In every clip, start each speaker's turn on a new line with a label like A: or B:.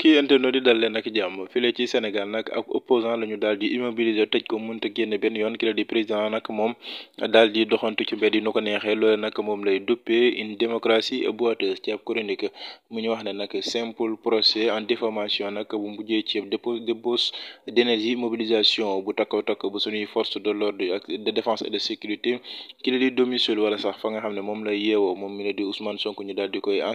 A: mbokki internet yi dal leen ak jàmm fii la ci Sénégal nag ak opposant la ñu di immobiliser tëj ko mënta génn benn yoon ki di président nag moom daal di doxantu ci mbedd yi nu ko neexee loole nag moom lay duppee une démocratie boiteuse ci ab chronique mu ñu wax ne nag simple procès en diffamation nag bu mujjee ci dépôt débauche d'énergie mobilisation bu takko takk bu suñuy force de l'ordre ak de défense et de sécurité ki la di domicile wala sax fa xam ne moom lay yeewoo moom mi la di Ousmane Sonko ñu daal di koy na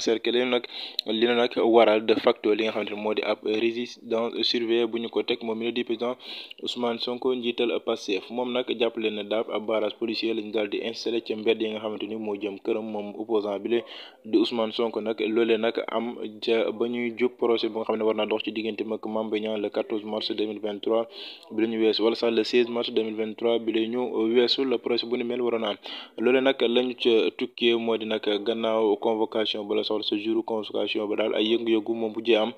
A: moo di ab résidence surveillée bu ñu ko teg moom mi di président Ousmane Sonko njiital Pastef moom nag jàppale na daab ab barrage policier lañu daal di installé ci mbedd yi nga xamante ni moo jëm këram moom opposant bi la di Ousmane Sonko nag loole nag am ca ba ñuy jub procès bu nga xam ne war naa dox ci diggante mag Mame Mbaye Niang le 14 mars 2023 bi la ñu weesu wala sax le 16 mars 2023 bi la ñu weesu le procès bu ni mel waroon am loolee nag lañu ca tukkee moo di nag gannaaw convocation ba la soxla sa jour convocation ba daal ay yëngu-yëngu bu jee am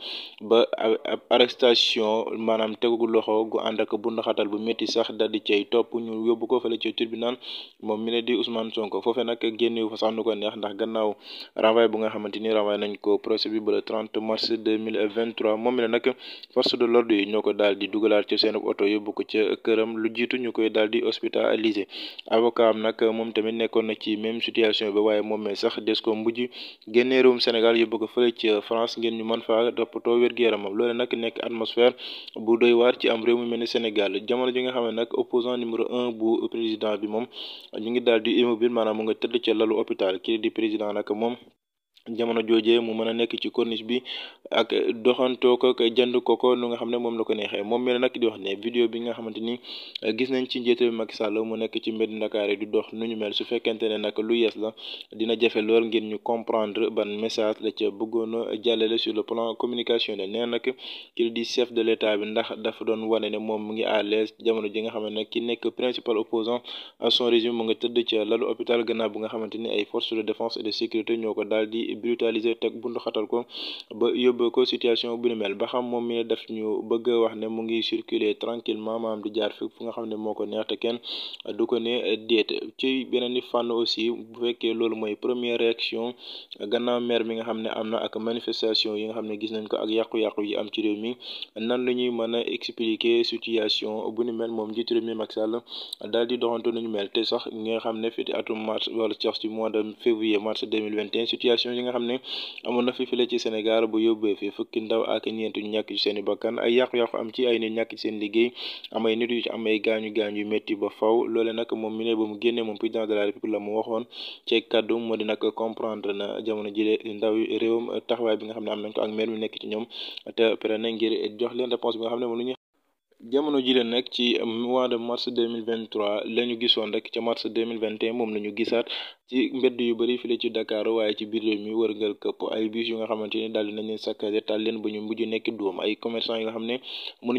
A: ba ab arrestation maanaam tegugu loxo gu ànd ak bu ndaxatal bu métti sax dal di cay topp ñu yóbbu ko fële ca tribunal moom mi ne di Ousmane Sonko foofe nag génnewu fa sax nu ko neex ndax gannaaw renvoi bu nga xamante ni renvoi nañ ko procès bi ba le 30 mars 2023 moom mi ne nag force de l'ordre yi ñoo ko daal di dugalaat ca seen oto yóbbu ko ca këram lu jiitu ñu koy daal di hospitalisé avocat am nag moom tamit nekkoon na ci même situation bi waaye moom mee sax des ko mujj génne réewum Sénégal yóbbu ko fële aw wér-gu-yaramam loole nag nekk atmosphère bu doy waar ci am réew mu mel ni Sénégal jamono ji nga xam ne nag opposant numéro un bu président bi moom ñu ngi daal di immobile maanaam mu nga tëdd ca lalu hôpital kii di président nag moom jamono joojee mu mën a nekk ci corniche bi ak doxantoo ko jënd ko ko lu nga xam ne moom la ko neexee moom mel nag di wax ne vidéo bi nga xamante ni euh, gis nañ ci njiitu Macky Sall mu nekk ci mbedd Ndakaar du dox nu ñu su fekkente ne nag lu yees la dina jafe lool ngir ñu comprendre ban message la ca bëggoon a jàllale sur le plan communicationnel nee nag kii di chef de l'État bi ndax dafa doon wane ne moom mu ngi à l'aise jamono ji nga xam ne ki nekk principal opposant à son régime mu nga tëdd ca lalu hôpital gannaaw bu nga xamante ni ay force de défense et de sécurité ñoo ko dal di brutaliser teg bundu xatal ko ba yóbbu ko situation bu ni mel ba xam moom mi ne daf ñu bëgg wax ne mu ngi circuler tranquillement maam di jaar fi fu nga xam ne moo ko neex te kenn du ko ne déet ci beneen fànn aussi bu fekkee loolu mooy première réaction gannaaw maire mi nga xam ne am na ak manifestation yi nga xam ne gis nañ ko ak yàqu-yàqu yi am ci réew mi nan la ñuy mën a expliquer situation bu ni mel moom njiitu réew mi Macky Sall daal di doxantu yi nga xam ne amoon na fi file ci Sénégal bu yóbbee fi fukki ndaw ak ñeent ñu ñàkk ci seen i bakkan ay yàqu-yàqu am ci ay nit ñàkk ci seen liggéey amay nit yu ci amay gaañu gaañu yu métti ba faw loole nag moom mi ba mu génnee moom président de la république la mu waxoon ci kàddu moo di nag comprendre na jamono jile ndaw réewam taxawaay bi nga xam ne am nañ ko ak maire mi nekk ci ñoom te pare na ngir jox leen réponse bi nga xam ne moom jamono ji la nag ci um, mois de mars 2023 gisoon rek ca mars 2021 moom lañu ñu gisaat ci mbedd yu bëri fii ci Dakar waaye ci biir réew mi wërngal këpp ay bus yu nga xamante ni daal di nañ leen saccagé taal leen ba ñu mujj nekk doom ay commerçant yi nga xam ne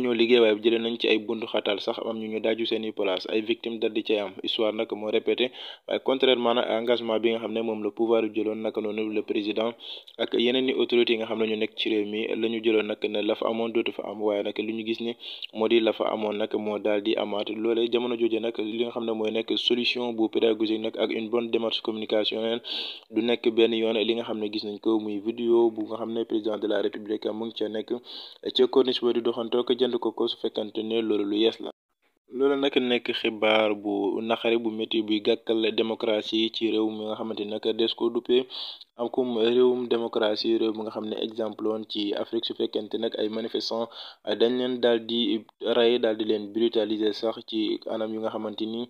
A: ñoo liggéey waaye jëlee nañ ci ay buntu xataal sax am ñu daaju seen i place ay victimes dal di cay am histoire nag moo répété waaye contrairement nag engagement bi nga xam ne moom la pouvoir yu jëloon naka noonu le président ak yeneen i autorités yi nga xam ne ñu nekk ci la ñu jëloon nag ne la dootu fa am waaye nag li ñu gis ni di la fa amoon nag moo daal di amaat loole jamono jooje nag li nga xam ne mooy nekk solution bu pédagogique nag ak une bonne démarche communication du nekk benn yoon li nga xam ne gis nañ ko muy vidéo bu nga xam ne président de la république mu ngi ca nekk ca corniche ba di doxantoo ko jënd ko ko su fekkante ne loolu lu yees la loola nag nekk xibaar bu naqari bu métti buy gàkkal démocratie ci réew mi nga xamante ni nag des ko duppee akum réewum démocratie réew mi nga xam ne exemple woon ci Afrique su fekkente nag ay manifestants dañ leen daal di ray daal di leen brutaliser sax ci anam yu nga xamante ni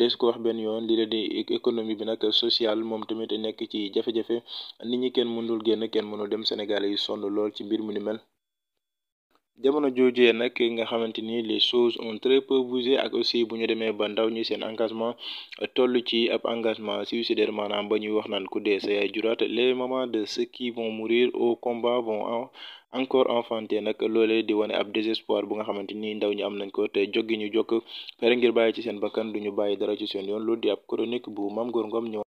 A: des ko wax benn yoon di la di économie bi nag sociale moom tamit nekk ci jafe-jafe nit ñi kenn mënul génn kenn mënul dem Sénégal yi sonn lool ci mbir mu ni jamono joojee nag nga xamante ni les choses ont très peu ak aussi bu ñu demee ba ndaw ñi seen engagement toll ci ab engagement suicidaire maanaam ba ñuy wax naan ku dee sa juraat les mamans de ceux qui vont mourir au combat vont en encore enfanté nag loolee di wane ab désespoir bu nga xamante ni ndaw ñi am nañ ko te joggi ñu jokk pere ngir bàyyi ci seen bakkan duñu bàyyi dara ci seen yoon loolu di ab chronique bu Mame Goor Ngom ñëw